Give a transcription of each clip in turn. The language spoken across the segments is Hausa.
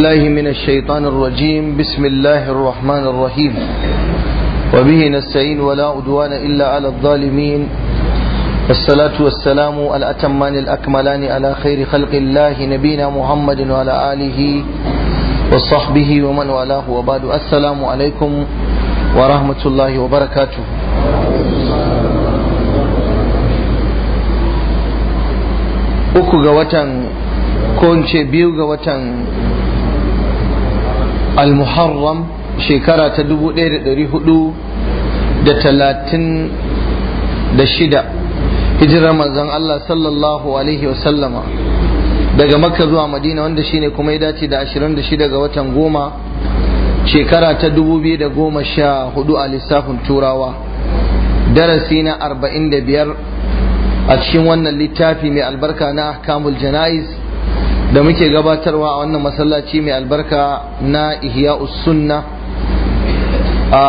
الله من الشيطان الرجيم بسم الله الرحمن الرحيم وبه نستعين ولا عدوان إلا على الظالمين والصلاة والسلام الأتمان الأكملان على خير خلق الله نبينا محمد وعلى آله وصحبه ومن والاه وبعد السلام عليكم ورحمة الله وبركاته uku ga watan ko in ce biyu ga watan al-muharram shekara ta shida hijirar manzon Allah sallallahu alaihi wasallama daga makka zuwa madina wanda shine kuma ya dace da 26 ga watan goma shekara ta da sha hudu a lissafin turawa darasi na arba'in da biyar a cikin wannan littafi mai albarka na ahkamul jana'iz da muke gabatarwa a wannan masallaci mai albarka na ihya sunna a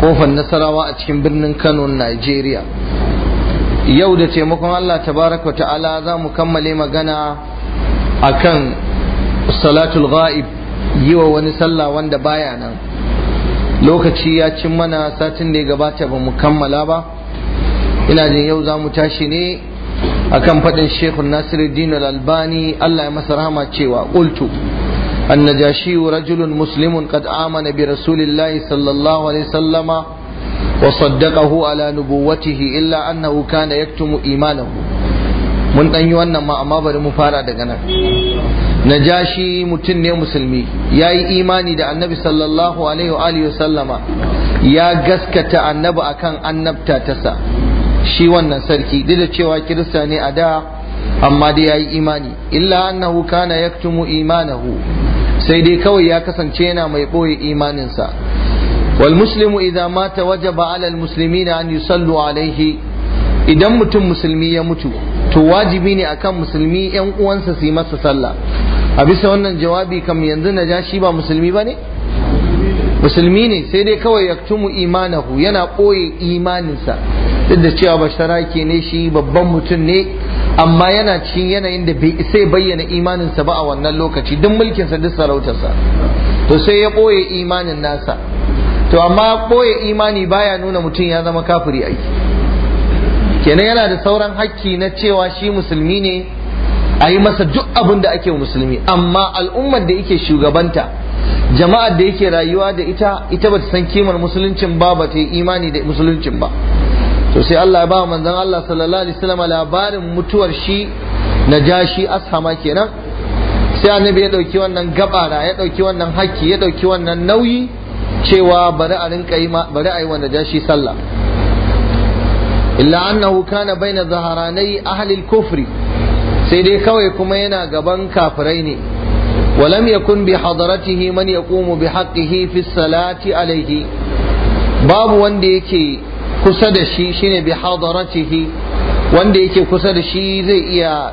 kofar nasarawa a cikin birnin kano nigeria yau da taimakon allah tabaraka ta'ala za mu kammale magana a kan salatul ghaib yi wa wani sallah wanda baya nan lokaci ya cin mana satin da ya gabata ba mu kammala ba ina jin yau za mu tashi ne akan faɗin shekul nasiruddin al-albani Allah ya masa rahama cewa qultu النجاشي rajulun مسلم قد آمن برسول الله صلى الله عليه وسلم وصدقه على نبوته إلا أنه كان يكتم إيمانه mun dan yi wannan ma amma bari mu fara daga nan najashi mutum ne musulmi Yayi imani da annabi sallallahu alaihi wa sallama ya gaskata annabi akan annabta tasa shi wannan sarki duk da cewa kirista ne a da amma dai yi imani illa annahu kana yaktumu imanahu sai dai kawai ya kasance yana mai boye imaninsa wal muslimu idza mata wajaba ala al muslimina an yusallu alaihi idan mutum musulmi ya mutu to wajibi ne akan musulmi yan uwansa su yi masa sallah a bisa wannan jawabi kam yanzu na ja shi ba musulmi ba ne musulmi ne sai dai kawai yaktumu imanahu yana ɓoye imaninsa duk da cewa basharaki ne shi babban mutum ne amma yana cikin yanayin da bai sai bayyana imaninsa ba a wannan lokaci duk sa duk sarautarsa to sai ya ɓoye imanin nasa to amma ɓoye imani baya nuna mutum ya zama kafiri aiki. kenan yana da sauran hakki na cewa shi musulmi ne a yi masa duk abin da ake musulmi amma al'ummar da yake shugabanta jama'ar da yake rayuwa da ita ita bata san kimar musuluncin ba ba ta yi imani da musuluncin ba to sai Allah ya ba manzon Allah sallallahu alaihi wasallam labarin mutuwar shi najashi ashama kenan sai annabi ya dauki wannan gabara ya dauki wannan hakki ya dauki wannan nauyi cewa bari a rinka yi bari a yi wa najashi sallah illa annahu kana baina zaharanai ahli al kufr sai dai kawai kuma yana gaban kafirai ne ولم يكن بحضرته من يقوم بحقه في الصلاة عليه babu wanda yake kusa da shi shine bi hadaratihi wanda yake kusa da shi zai iya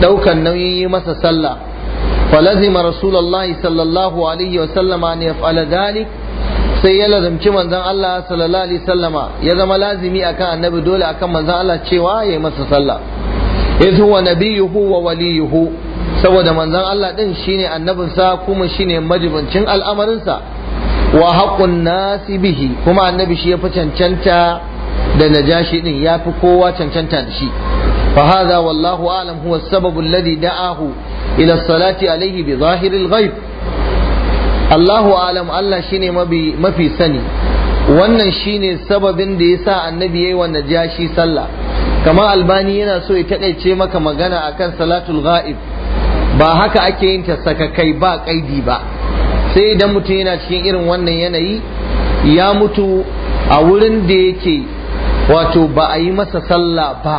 daukan nauyin yi masa sallah فلزم رسول الله صلى الله عليه وسلم أن يفعل ذلك sai ya lazumci manzon Allah sallallahu alaihi sallama ya zama lazimi akan annabi dole akan manzon Allah cewa ya yi masa sallah idh huwa nabiyuhu wa waliyuhu saboda manzon Allah ɗin din annabin sa, kuma shine majibincin al'amarinsa wa haƙun nasi bihi kuma annabi shi ya fi cancanta da najashi din ya fi kowa cancanta da shi fa hadha wallahu alam huwa sababu alladhi da'ahu ila salati alayhi bi zahiril ghaib Allahu alam Allah shine mafi sani wannan shine sababin da yasa annabi yayi wa jashi sallah kamar albani yana so ya taƙaice maka magana akan salatul ghaib ba haka ake yin ta sakakai ba kaidi ba sai idan mutum yana cikin irin wannan yanayi ya mutu a wurin da yake wato ba a yi masa sallah ba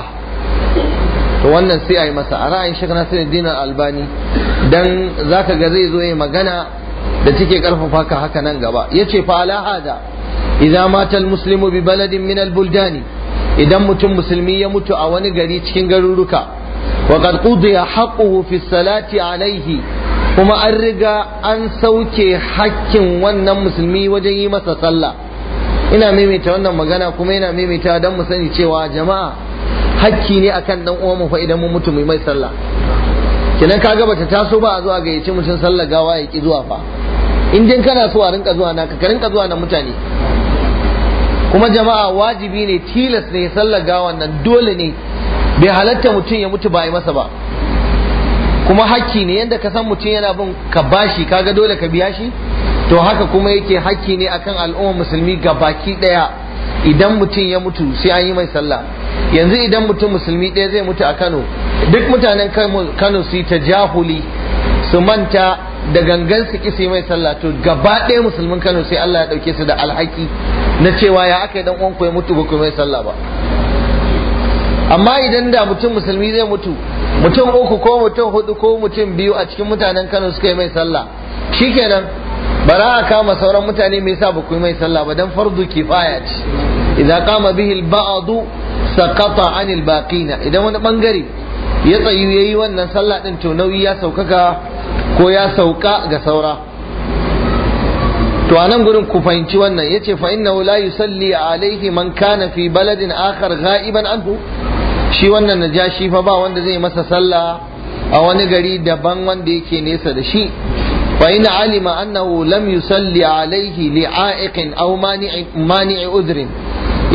to wannan sai a yi masa a ra'ayin sani dinar albani dan zaka ga zai zo ya magana da take karfafa ka haka nan gaba Ya ce fa ala hada Iza mata almuslimu bi baladin min albuldani idan mutum musulmi ya mutu a wani gari cikin garuruka wa qad qudiya haqquhu fi salati alaihi. kuma an riga an sauke hakkin wannan musulmi wajen yi masa sallah ina maimaita wannan magana kuma ina maimaita don mu sani cewa jama'a hakki ne akan dan uwan mu fa idan mu mutu mai sallah kinan kaga bata taso ba a zuwa gayyaci mutum sallah gawa ya ki zuwa fa in din kana so a rinka zuwa na ka rinka zuwa na mutane kuma jama'a wajibi ne tilas ne sallar gawan nan dole ne bai halatta mutum ya mutu ba yi masa ba kuma hakki ne yadda ka san mutum yana bin ka bashi kaga dole ka biya shi to haka kuma yake hakki ne akan al'ummar musulmi ga baki daya idan mutum ya mutu sai an yi mai sallah yanzu idan mutum musulmi ɗaya zai mutu a Kano duk mutanen Kano su yi jahuli su manta da gangan su kisi mai sallah to gaba ɗaya musulmin Kano sai Allah ya ɗauke su da alhaki na cewa ya aka yi dan uwanku ya mutu ba ku mai sallah ba amma idan da mutum musulmi zai mutu mutum uku ko mutum hudu ko mutum biyu a cikin mutanen Kano suka yi mai sallah shikenan ba za a kama sauran mutane me yasa ba ku yi mai sallah ba dan fardu kifaya ce idan kama bihi al-ba'du saqata anil baqina idan wani bangare ya tsayu yayi wannan sallah din to nauyi ya saukaka ko ya sauka ga saura to a nan gurin ku fahimci wannan ya ce fa'inna la yusalli alaihi man kana fi baladin akar ga'iban anhu shi wannan najashi fa ba wanda zai masa sallah a wani gari daban wanda yake nesa da shi fa in alima annahu lam yusalli alaihi li'a'iqin aw mani'i udrin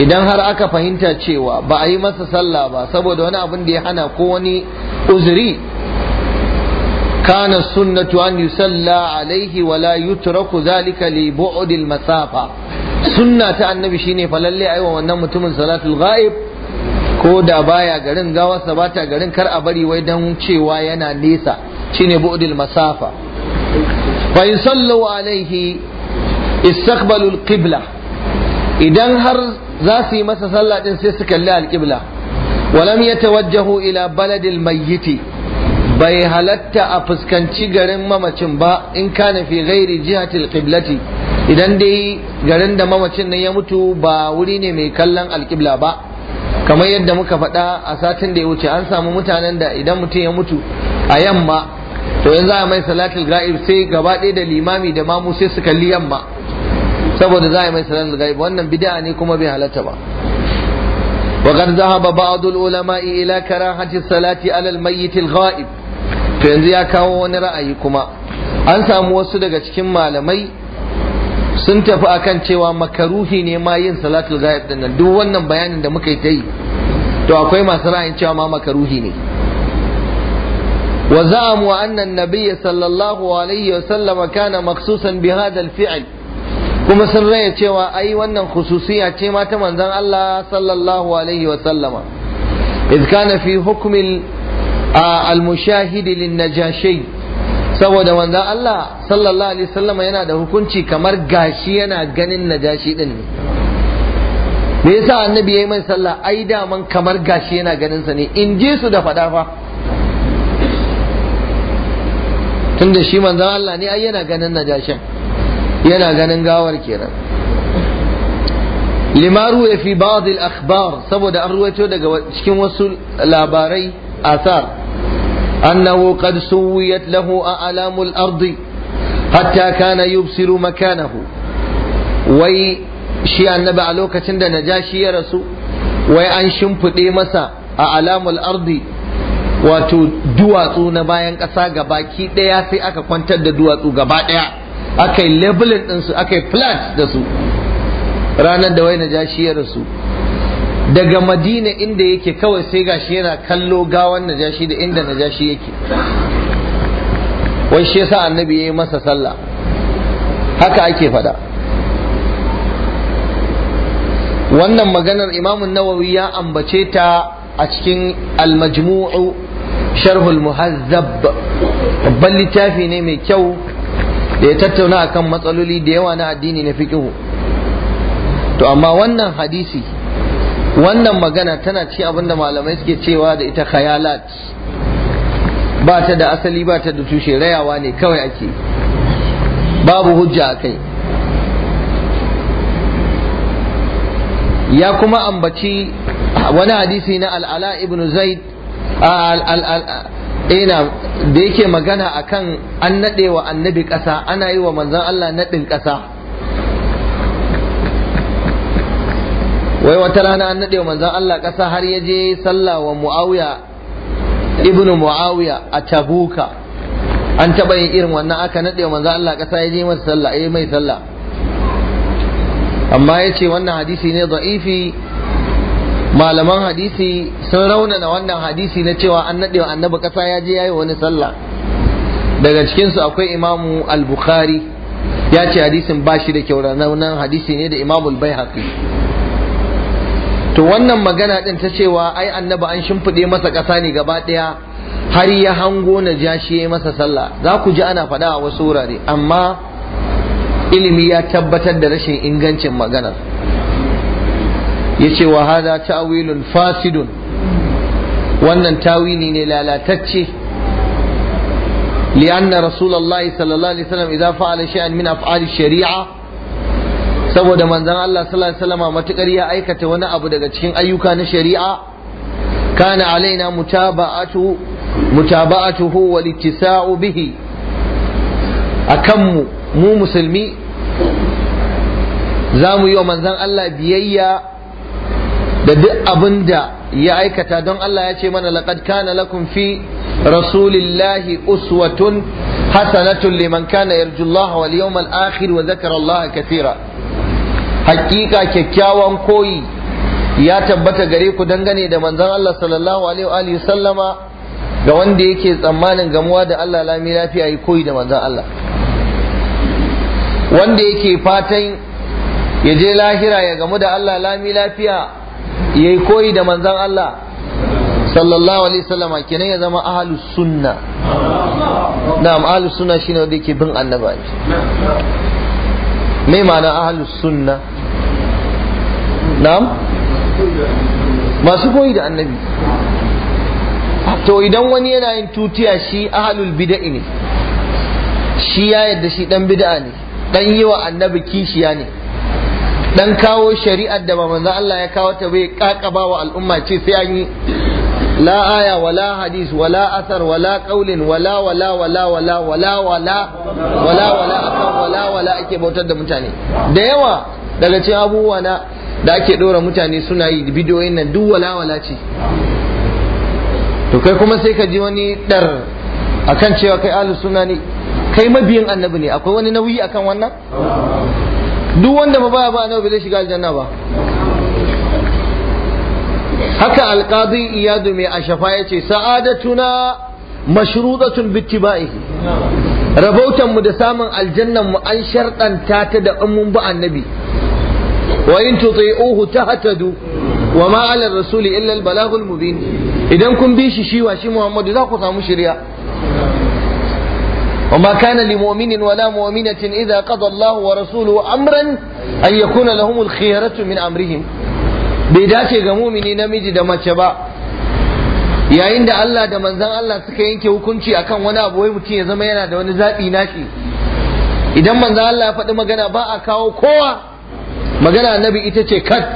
idan har aka fahimta cewa ba a yi masa sallah ba saboda wani abin da ya hana ko wani uzuri kana sunnatu an yusalla alaihi wala yutraku zalika li bu'dil masafa sunna ta annabi shine fa lalle aiwa wannan mutumin salatul ghaib ko da baya garin gawarsa ba ta garin kar a bari wai don cewa yana nesa shine bu'dil masafa fa yusallu alaihi istaqbalu alqibla idan har za su yi masa sallah din sai su kalli alqibla walam yatawajjahu ila baladil mayyiti bai halatta a fuskanci garin mamacin ba in kana fi ghairi jihatil qiblati idan dai garin da mamacin nan ya mutu ba wuri ne mai kallon alqibla ba kamar yadda muka faɗa a satin da ya wuce an samu mutanen da idan mutum ya mutu a yamma to yanzu a mai salatul ga'ib sai gaba ɗaya da limami da mamu sai su kalli yamma saboda za a mai salatul ga'ib wannan bid'a ne kuma bai halatta ba وقد ulama بعض العلماء إلى كراهة الصلاة على الميت الغائب to yanzu ya kawo wani ra'ayi kuma an samu wasu daga cikin malamai sun tafi akan cewa makaruhi ne ma yin salatul ghaib din nan duk wannan bayanin da muka yi ta yi to akwai masu ra'ayin cewa ma makaruhi ne wa za'amu anna an-nabiyya sallallahu alaihi wa sallama kana maksusan bi hadha al kuma sun raya cewa ai wannan khususiya ce ma ta manzon Allah sallallahu alaihi wa sallama fi كان في حكم المشاهد للنجاشي saboda wanda Allah sallallahu alaihi wasallam yana da hukunci kamar gashi yana ganin najashi din ne me yasa annabi yayi mai sallah ai da man kamar gashi yana ganin sa ne in ji su da fada fa tunda shi manzon Allah ne ai yana ganin najashin yana ganin gawar kenan limaru ya fi ba'd al-akhbar saboda an ruwaito daga cikin wasu labarai asar أنه قد سويت له أعلام الأرض حتى كان يبصر مكانه وي shi annabi a lokacin da najashi ya rasu wai an shimfiɗe masa a alamul ardi wato duwatsu na bayan ƙasa ga baki ɗaya sai aka kwantar da duwatsu gaba ɗaya aka yi labelin ɗinsu aka yi flat da su ranar da wai shi ya rasu daga madina inda yake kawai sai gashi yana kallo gawan najashi da inda najashi yake wai shi yasa annabi ya yi masa sallah haka ake fada wannan maganar imamun nawawi ya ambace ta a cikin almajmu'u sharhul muhazzab babban littafi ne mai kyau da ya tattauna akan matsaloli da yawa na addini na fiqhu to amma wannan hadisi wannan magana tana ci abinda malamai suke cewa da ita khayalat ba ta da asali ba ta da tushe rayawa ne kawai ake babu hujja a kai ya kuma ambaci wani hadisi na al'ala ibn zaid ina eh, da yake magana akan an naɗe wa annabi ƙasa ana yi wa manzan Allah naɗin ƙasa wai wata rana an nade manzon Allah ƙasa har ya je sallah wa Muawiya ibnu Muawiya a Tabuka an taɓa yin irin wannan aka nade manzon Allah ƙasa ya je masa sallah eh mai sallah amma ya ce wannan hadisi ne za'ifi. malaman hadisi sun raunana wannan hadisi na cewa an naɗe wa annabi ƙasa ya je yayi wani sallah daga cikinsu akwai imamu al-bukhari ya ce hadisin ba shi da kyau nan hadisi ne da imamu al-baihaqi to wannan magana din ta cewa ai annabi an shimfiɗe masa ƙasa ne gaba ɗaya har ya hango na ja shi ya masa sallah za ku ji ana faɗa a wasu wurare amma ilimi ya tabbatar da rashin ingancin maganar ya ce wa hada ta'wilun fasidun wannan tawili ne lalatacce li'anna rasulullahi sallallahu alaihi wasallam idza fa'ala shay'an min af'ali shari'a saboda manzon Allah sallallahu alaihi wasallam matukar ya aikata wani abu daga cikin ayyuka na shari'a kana alaina mutaba'atu mutaba'atuhu wal ittisa'u bihi akanmu mu musulmi za mu yi wa manzon Allah biyayya da duk abin da ya aikata don Allah ya ce mana laqad kana lakum fi rasulillahi uswatun hasanatun liman kana yarjullaha wal yawmal akhir wa zakara Allah katira hakika kyakkyawan koyi ya tabbata gare ku dangane da manzon Allah sallallahu alaihi wa sallama ga wanda yake tsammanin gamuwa da Allah lami lafiya yi koyi da manzon Allah wanda yake fatan ya je lahira ya gamu da Allah lami lafiya ya yi koyi da manzon Allah sallallahu alaihi wa sallama kenan ya zama ahlus sunna na'am ahlus sunna shine wanda yake bin annabawa mai ma'ana ahlus sunna na'am masu koyi da annabi to idan wani yana yin tutiya shi ahalul bida'i ne shi ya yadda shi dan bida'a ne dan yi wa annabi kishiya ne dan kawo shari'ar da ba manzo Allah ya kawo ta bai kakaba wa al'umma ce sai an yi لا آية ولا حديث ولا أثر ولا قول ولا ولا ولا ولا ولا ولا ولا ولا أثر ولا ولا أكي بوتد متاني ديوة دلتي أبو وانا cikin abubuwa na da ake ɗora mutane suna ولا bidiyoyin nan duk wala wala ce to kai kuma sai ka ji wani ɗar akan cewa kai ahlus sunna ne kai mabiyin annabi ne akwai wani nauyi akan wannan duk wanda ba baya ba annabi zai shiga aljanna ba haka alqadi iyadu mai ashafa ce sa'adatuna mashrudatun bittiba'ihi rabautan mu da samun aljannan mu an sharɗanta ta da mun bi annabi wa in tuti'uhu tahtadu wa ma 'ala rasuli illa al-balaghul mubin idan kun bi shi shi wa shi Muhammadu za ku samu shirya وما كان لمؤمن ولا مؤمنة إذا قضى الله ورسوله أمرا أن يكون لهم الخيرة من أمرهم bai dace ga mumini namiji da mace ba yayin da Allah da manzan Allah suka yanke hukunci akan wani abu wai mutum ya zama yana da wani zaɓi na nashi idan manzan Allah ya faɗi magana ba a kawo kowa magana annabi ita ce kat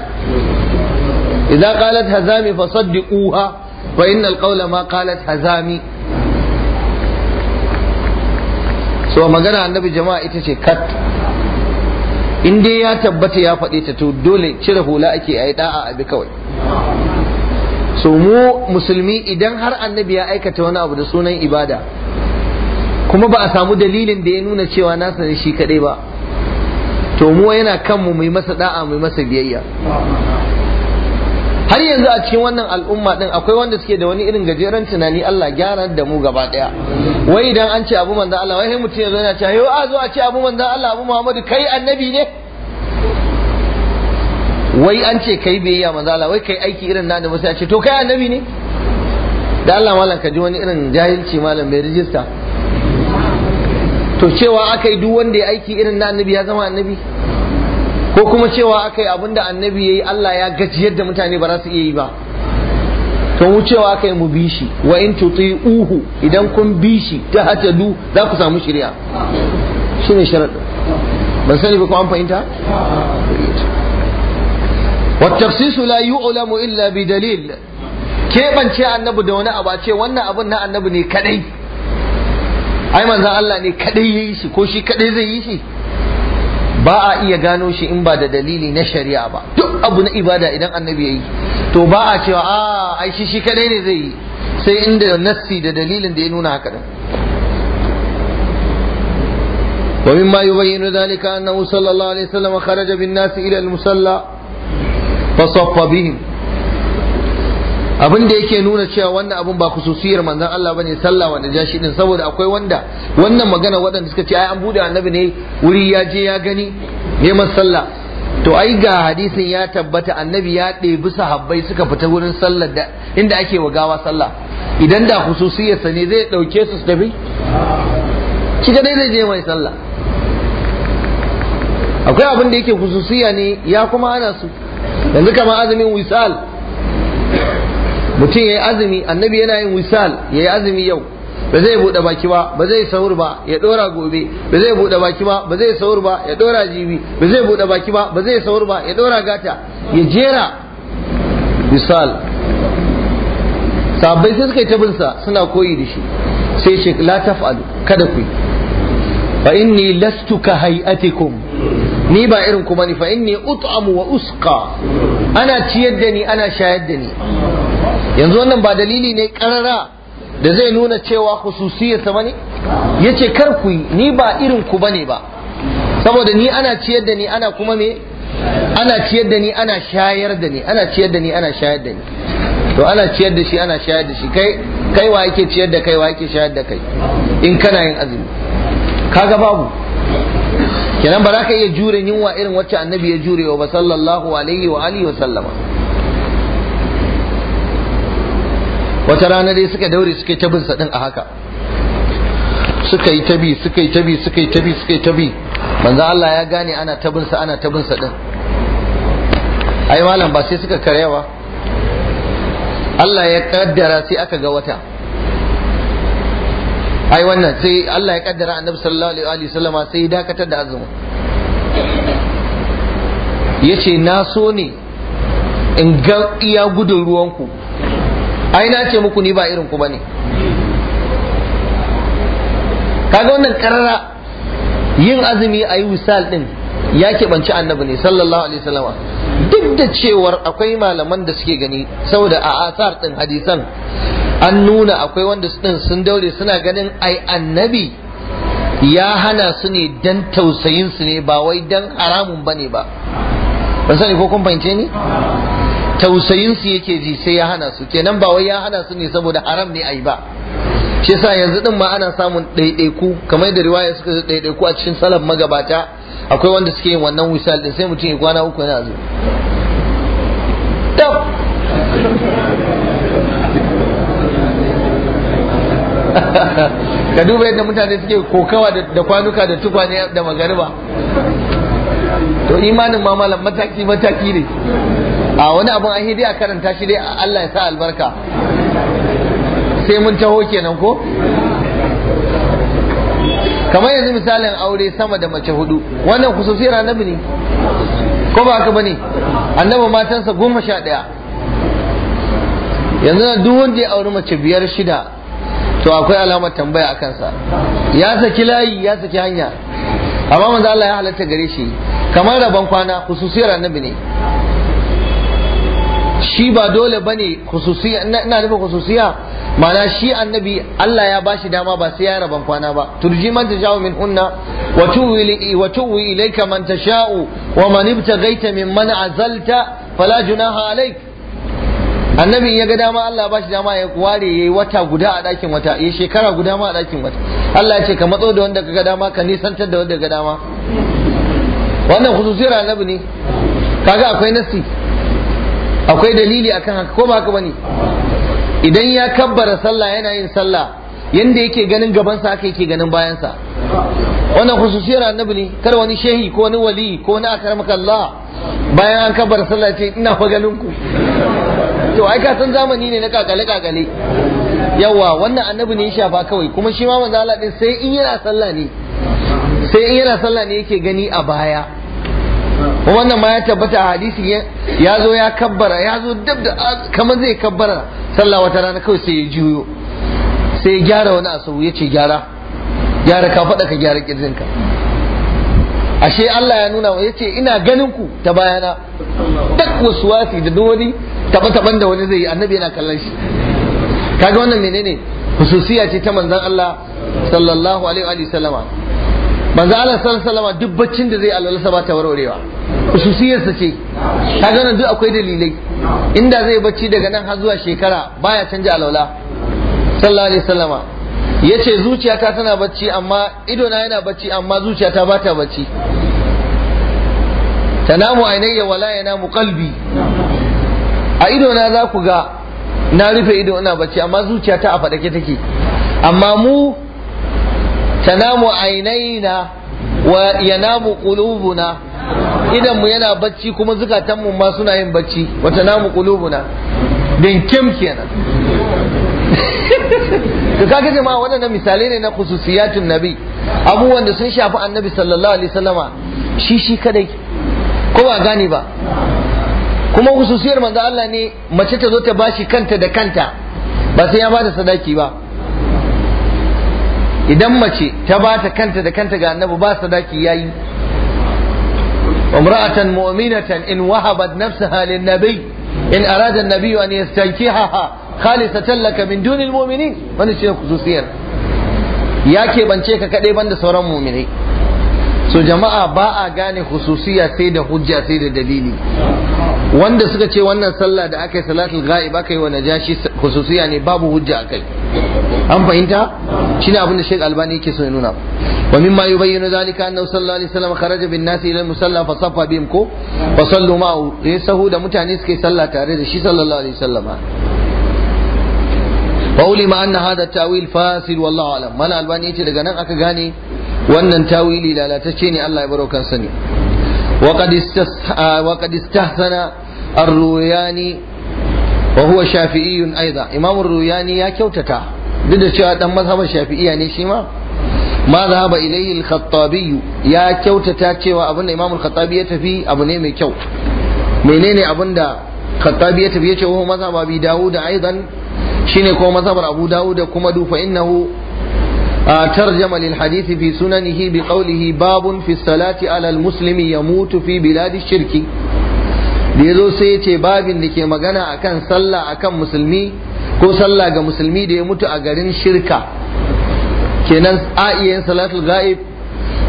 idza qalat hazami saddiquha fa innal qawla ma qalat hazami so magana annabi jama'a ita ce kat in dai ya tabbata ya faɗi ta to dole cire hula ake a yi da'a abi kawai so mu musulmi idan har annabi ya aikata wani abu da sunan ibada kuma ba a samu dalilin da ya nuna cewa nasa ne shi kaɗai ba to mu yana kanmu mu yi masa da'a mu yi masa biyayya har yanzu a cikin wannan al'umma din akwai wanda suke da wani irin gajeren tunani Allah gyara da mu gaba daya wai idan an ce abu manzo Allah wai mutum yanzu yana cewa yo a zo a ce abu manzo Allah abu Muhammadu kai annabi ne wai an ce kai biyayya manzo Allah wai kai aiki irin na da musu ya ce to kai annabi ne da Allah malam ka ji wani irin jahilci malam bai rijista to cewa aka yi duk wanda ya aiki irin na annabi ya zama annabi ko kuma cewa aka yi abinda annabi ya yi Allah ya gaji yadda mutane ba za su iya yi ba to wucewa aka yi mu bi shi wa in tuti uhu idan kun bi shi ta hatadu za ku samu shirya shine sharadin ban sani ba ko an fahimta layu ulamu illa bi dalil. keɓance annabi da wani abu wannan abun na annabi ne kadai ai manzan Allah ne kadai ya yi shi ko shi kadai zai yi shi ba a iya gano shi in ba da dalili na shari'a ba duk abu na ibada idan annabi ya yi to ba a cewa a ah, ai shi shi kadai ne zai yi sai inda nassi da dalilin da ya nuna haka din ومما يبين ذلك أنه صلى الله عليه وسلم خرج بالناس إلى المصلى فصف بهم abin da yake nuna cewa wannan abun ba kususiyar manzon Allah bane sallah wa najashi din saboda akwai wanda wannan magana waɗanda suka ce ai an bude annabi ne wuri ya je ya gani neman sallah to ai ga hadisin ya tabbata annabi ya ɗebi sahabbai suka fita wurin sallar da inda ake wa gawa sallah idan da hususiyarsa ne zai ɗauke su su tafi shi dai zai je mai sallah akwai abin da yake hususiya ne ya kuma ana su yanzu kamar azumin wisal mutum ya yi azumi annabi yana yin wisal ya yi azumi yau ba zai buɗe baki ba ba zai saur ba ya ɗora gobe ba zai buɗe baki ba ba zai saur ba ya ɗora jibi ba zai buɗe baki ba ba zai saur ba ya ɗora gata ya jera misal sabai sai suka yi tabinsa suna koyi da shi sai ce la taf'alu kada ku fa inni lastu ka hay'atikum ni ba irin ku bane fa inni ut'amu wa usqa ana ciyar da ni ana shayar da ni yanzu wannan ba dalili ne karara da zai nuna cewa ta bane yace kar ku ni ba irin ku bane ba saboda ni ana ciyar da ni ana kuma me ana ciyar da ni ana shayar da ni ana ciyar da ni ana shayar da ni to ana ciyar da shi ana shayar da shi kai kai wa yake ciyar da kai wa yake shayar da kai in kana yin azumi kaga babu kenan ba za ka iya jure yunwa irin wacce annabi ya jurewa ba sallallahu alaihi wa alihi wa sallama wata rana dai suka daure suka yi ta bin din a haka suka yi tabi suka yi tabi suka yi tabi suka yi tabi manzo Allah ya gane ana ta sa ana ta sa din ai malam ba sai suka karewa Allah ya kaddara sai aka ga wata ai wannan sai Allah ya kaddara annabi sallallahu alaihi wa sallama sai dakatar da azumi yace na so ne in ga iya gudun ruwanku ai na ce muku ni ba irin ku bane kaga wannan karara yin azumi a wisal din ya keɓanci annabi ne sallallahu alaihi wasallama duk da cewar akwai malaman da suke gani saboda a asar din hadisan an nuna akwai wanda din sun daure suna ganin ai annabi ya hana su ne dan tausayin su ne ba wai dan haramun bane ba ba sani ko kun fahimce ni tausayin su yake ji sai ya hana su kenan ba wai ya hana su ne saboda haram ne ayi ba shi yasa yanzu din ma ana samun ɗaiɗaiku kamar yadda riwaya suka zo ɗaiɗaiku a cikin salaf magabata akwai wanda suke yin wannan wisal din sai mutum ya kwana uku yana zo ka duba yadda mutane suke kokawa da kwanuka da tukwane da magariba to imanin ma malam mataki mataki ne a wani abun an dai a karanta shi dai Allah ya sa albarka sai mun taho kenan ko kamar yanzu misalin aure sama da mace hudu wannan kusurfiyar annabi ne ko ba haka bane annabi matansa goma sha ɗaya yanzu na duk wanda ya auri mace biyar shida to akwai alamar tambaya a kansa ya saki layi ya saki hanya amma manzo Allah ya halatta gare shi kamar rabon kwana kusurfiyar annabi ne shi ba dole ba ne ina nufin khususiya ma'ana shi annabi Allah ya bashi dama ba sai ya raban kwana ba turji man sha'u min hunna wa tuwi wa tuwi ilayka man wa man ibtaghaita mimman azalta fala junaha alaik annabi ya ga dama Allah ba shi dama ya ware yi wata guda a ɗakin wata Ya shekara guda ma a ɗakin wata Allah ya ce ka matso da wanda ka ga dama ka nisantar da wanda ga dama wannan khususiyar annabi ne kaga akwai nasi akwai dalili akan haka ko ba haka bane idan ya kabbara sallah yana yin sallah yanda yake ganin gabansa haka yake ganin bayansa wannan khususiyar annabi ne kar wani shehi ko wani wali ko wani akramaka Allah bayan an kabbara sallah ce ina fa ganin ku to ai ka san zamani ne na kakale kakale yawa wannan annabi ne ya shafa kawai kuma shi ma manzo Allah din sai in yana sallah ne sai in yana sallah ne yake gani a baya wannan ma ya tabbata a hadisi ya zo ya kabbara ya zo dab da kamar zai kabbara sallah wata rana kawai sai ya juyo sai ya gyara wani asu ya ce gyara gyara ka faɗa ka gyara kirjinka ashe Allah ya nuna ya ce ina ganin ku ta bayana duk wasu wasi da duk wani taɓa-taɓan da wani zai yi annabi yana kallon shi kaga wannan menene hususiya ce ta manzon Allah sallallahu alaihi wa sallama manzo Allah sallallahu alaihi duk baccin da zai alwala ba ta warwarewa khususiyarsa ce kaga nan duk akwai dalilai inda zai bacci daga nan har zuwa shekara baya canja alwala sallallahu alaihi wasallama yace zuciyata tana bacci amma idona yana bacci amma zuciyata ba ta bacci tanamu ainiya wala yanamu qalbi a idona za ku ga na rufe ido ina bacci amma zuciyata a fadake take amma mu tanamu ainaina wa yanamu qulubuna idan mu yana bacci kuma zukatanmu ma suna yin bacci wa tanamu qulubuna din kim kenan to kaga jama'a waɗannan misalai ne na khususiyatun nabi abubuwan da sun shafi annabi sallallahu alaihi wasallama shi shi kadai ko ba gane ba kuma khususiyar manzo Allah ne mace ta zo ta bashi kanta da kanta ba sai ya bada sadaki ba idan mace ta ba ta kanta da kanta ga annabi ba sadaki yayi امرأة مؤمنة إن وهبت نفسها للنبي إن أراد النبي أن يستنكحها خالصة لك min دون muminin wani ce khususiyar ya bance ka kaɗai banda sauran muminai so jama'a ba a gane khususiya sai da hujja sai da dalili wanda suka ce wannan sallah da aka yi salatul ghaib aka yi wa najashi khususiya ne babu hujja akai an fahimta ne abin da Sheikh Albani yake so ya nuna wa mimma yubayyinu zalika annahu sallallahu alaihi wasallam kharaja bin nasi ila musalla fa saffa bihim ko fa sallu ma'u ya sahu da mutane suke sallah tare da shi sallallahu alaihi wasallam wa ma anna hadha tawil fasil wallahu alam mana albani yace daga nan aka gane wannan tawili lalatacce ne Allah ya baro kansa ne وقد استهثن الروياني وهو شافعي أيضا إمام الروياني يا كوتتا ضد شاء مذهب الشافعي يعني شيما ما ذهب إليه الخطابي يا كوتتا cewa abin da Imam al-Khattabi ya tafi abu ne mai kyau menene abin da ya tafi ya ce wa mazhab Abi Dawud aidan shine ko Abu kuma du ترجم للحديث في سننه بقوله باب في الصلاة على المسلم يموت في بلاد الشرك da ya zo sai ya ce babin da ke magana akan sallah akan musulmi ko sallah ga musulmi da ya mutu a garin shirka kenan a iya yin salatul ga'ib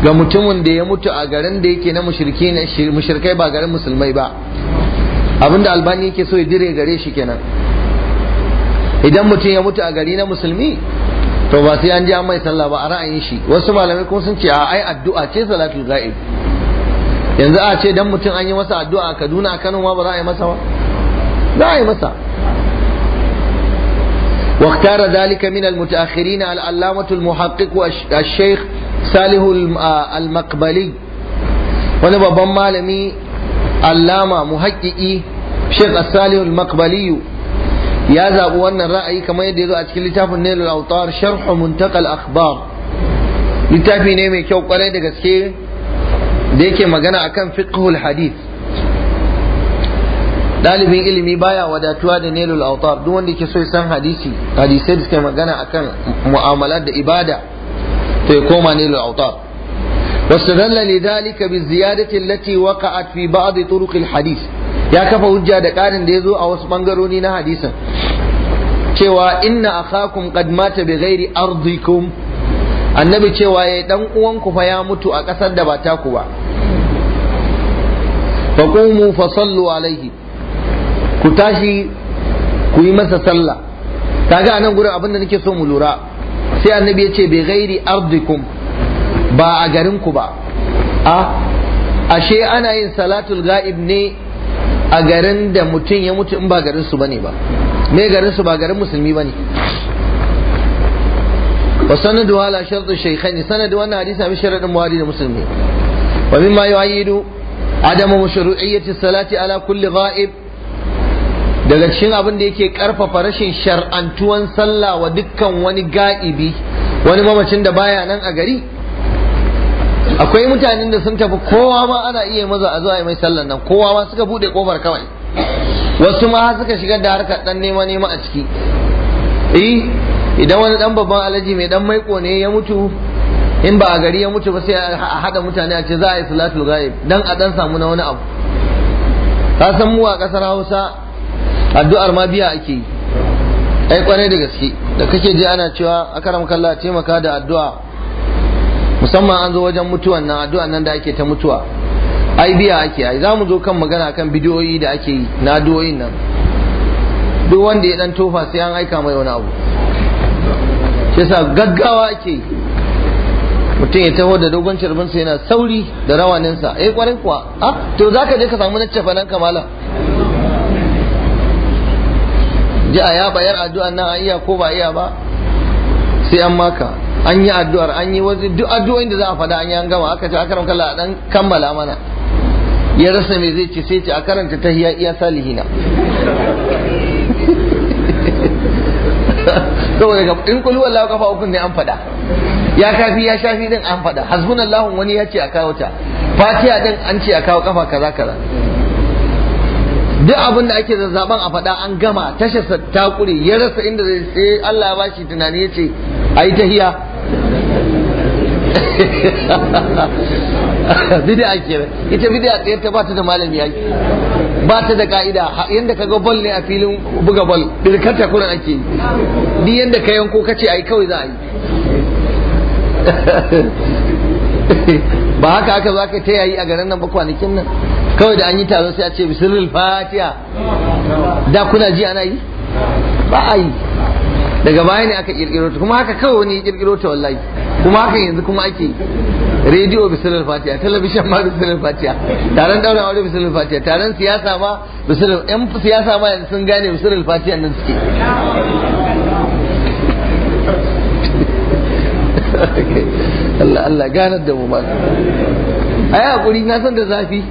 ga mutumin da ya mutu a garin da yake na mushrikai ba garin musulmai ba abinda albani yake so ya dire gare shi kenan idan mutum ya mutu a gari na musulmi to ba sai an ji an mai sallah ba a ra'ayin shi wasu malamai kuma sun ce a ai addu'a ce salatul ghaib yanzu a ce dan mutum an yi masa addu'a a Kaduna a Kano ma ba za a yi masa ba za a yi masa واختار ذلك من المتأخرين العلامة المحقق الشيخ صالح المقبلي wani babban malami alama muhaƙiƙi sheikh salihu ya zaɓi wannan ra'ayi kamar yadda ya a cikin littafin nailul autar sharhu muntakal akhbar littafi ne mai kyau kwarai da gaske da yake magana akan fiqhul hadith ɗalibin ilimi baya wadatuwa da nailul autar duk wanda ke so ya san hadisi hadisai da suke magana akan mu'amala da ibada to ya koma nailul autar واستدل لذلك بالزيادة التي وقعت fi بعض طرق hadis. ya kafa hujja da ƙarin da ya zo a wasu bangaroni na hadisin cewa inna akhakum qad mata bi ghairi ardikum annabi cewa yayi eh, dan uwanku fa ya mutu a kasar da ba ta ku ba qumu fa sallu alaihi ku tashi ku yi masa sallah kaga anan gurin abinda nake so mu lura sai annabi ya ce bi ghairi ardikum ba a garin ku ba a ah, ashe ana yin salatul ga'ib ne a garin da mutum ya mutu in ba garin su bane ba me garin su ba garin musulmi bane wa sanadu ala shartu shaykhain sanadu wannan hadisi abin sharadin muwadi da musulmi wa mimma yu'ayyidu adamu mashru'iyyati salati ala kulli ghaib daga cikin abin da yake karfafa rashin shar'antuwan sallah wa dukkan wani ga'ibi wani mamacin da baya nan a gari akwai mutanen da sun tafi kowa ma ana iya maza a zuwa mai sallan nan kowa ma suka bude kofar kawai wasu ma suka shigar da harka dan nema nema a ciki eh idan wani dan babban alaji mai dan maiko ne ya mutu in ba a gari ya mutu ba sai a hada mutane a ce za a yi salatul ghaib dan a dan samu na wani abu ka san mu a kasar Hausa addu'ar ma biya ake yi ai kwarai da gaske da kake ji ana cewa akaram kallah taimaka da addu'a musamman an zo wajen mutuwan nan addu'an nan da ake ta mutuwa ai biya ake ai zamu zo kan magana kan bidiyoyi da ake yi na addu'o'in nan duk wanda ya dan tofa sai an aika mai wani abu shi yasa gaggawa ake yi. mutum ya taho da dogon cirbinsa yana sauri da rawaninsa eh kwarin kuwa a ah, to za ka je ka samu cefa nan kamala ji a ya bayar addu'an nan a iya ko ba iya ba sai an maka an yi addu'ar an yi wasu duk addu'o'in da za a faɗa an yi an gama aka ce akaram kalla dan kammala mana ya rasa me zai ce sai ce a karanta ta hiya iya salihina saboda ga in kullu wallahu kafa ukun ne an faɗa ya kafi ya shafi din an faɗa hasbunallahu wani ya ce a kawo ta fatiha din an ce a kawo kafa kaza kaza duk abin da ake zazzaban a faɗa an gama tashar ta kure ya rasa inda zai sai Allah ya bashi tunani ya ce a yi tahiya bid'a kenan ita bid'a ba ta bata da malami yaki ba ta da ka'ida yanda ka ga bol ne a filin buga bol ta kuran ake yi ni yanda ka yanko kace ai kawai za a yi ba haka haka za ka ta yayi a garin nan ba kwanakin nan kawai da an yi taro sai a ce bisirul fatiha da kuna ji ana yi ba a yi daga baya ne aka kirkiro ta kuma haka kawai ne ya kirkiro ta wallahi kuma hakan yanzu kuma ake rediyo bisalar Fatiya, talabishin ma bisalar Fatiya, taron daura aure bisalar Fatiya, taron siyasa ma bisalin yan siyasa ma yanzu sun gane bisalar Fatiya. nan suke Allah Allah ganar da mu ba ai hakuri na san da zafi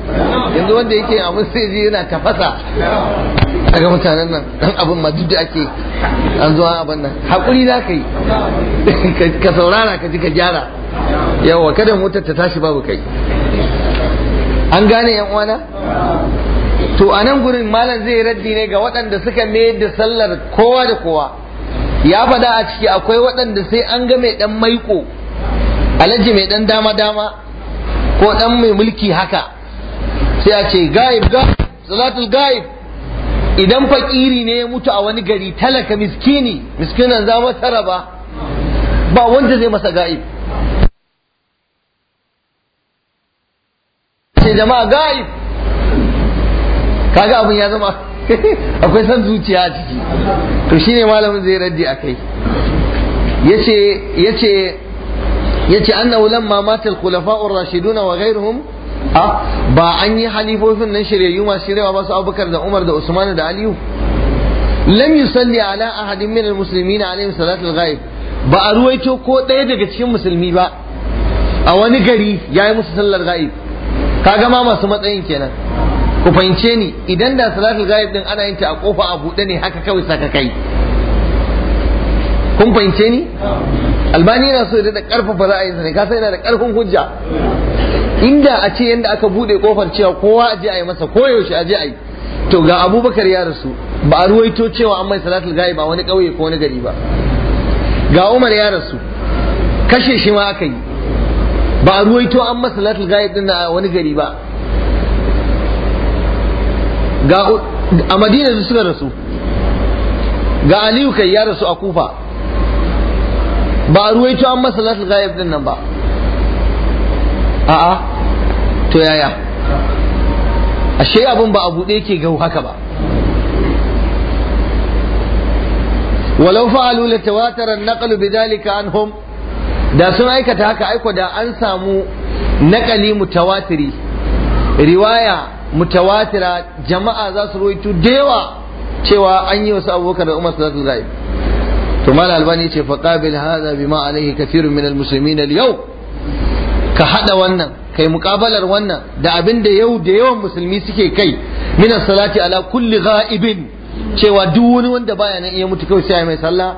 yanzu wanda yake abin sai je yana tafasa daga mutanen nan dan abin ma da ake an zuwa abin nan hakuri za ka yi ka saurara ka ji ka gyara yawa kada motar ta tashi babu kai an gane yan uwana to a nan gurin malam zai raddi ne ga waɗanda suka mayar da sallar kowa da kowa ya faɗa a ciki akwai waɗanda sai an ga mai ɗan maiko alaji mai ɗan dama-dama ko dan mai mulki haka sai a ce gaib gaib salatul gaib idan fakiri ne ya mutu a wani gari talaka miskini miskinan za mata raba ba wanda zai masa gaib sai jama'a gaib kaga abin ya zama akwai san zuciya a ciki to shine malamin zai raddi a kai yace yace yace annahu lamma matal khulafa'u khulafa ar-rashidun wa ghayruhum ah ba an yi halifofin nan shiryayyu masu shiryawa ba su Abubakar da Umar da Usman da Aliyu lam yusalli ala ahadin min al-muslimin alayhi salatu al ba a ruwaito ko ɗaya daga cikin musulmi ba a wani gari yayi musu sallar ghaib kaga ma masu matsayin kenan ku fahimce ni idan da salatul ghaib din ana yin ta a kofa a buɗe ne haka kawai saka kai kun fahimce ni albani yana so ya da karfafa ra'ayinsa ne kasa yana da karfin hujja inda a ce yadda aka bude kofar cewa kowa a je a yi masa koyaushe a je a yi to ga abubakar ya rasu ba a ruwaito cewa an mai salatul ga'i ba wani ƙauye ko wani gari ba ga umar ya rasu kashe shi ma aka yi ba a ruwaito an masa salatul ga'i din a wani gari ba ga a madina su suka rasu ga aliyu kai ya rasu a kufa ba a ruwaito an masa latul din nan ba a'a to yaya ashe abin ba a buɗe ke ga haka ba walau fa'alu la tawatara an-naqlu bidhalika anhum da sun aikata haka aiko da an samu nakali mutawatiri riwaya mutawatira jama'a za su ruwaito da yawa cewa an yi wasu abubakar da umar salatul zai to mal albani ce fa qabil hadha bima alayhi kathirun min almuslimin alyawm ka hada wannan kai mukabalar wannan da abin da yau da yawan musulmi suke kai min salati ala kulli ghaibin cewa duk wani wanda baya na iya mutu kawai sai mai sallah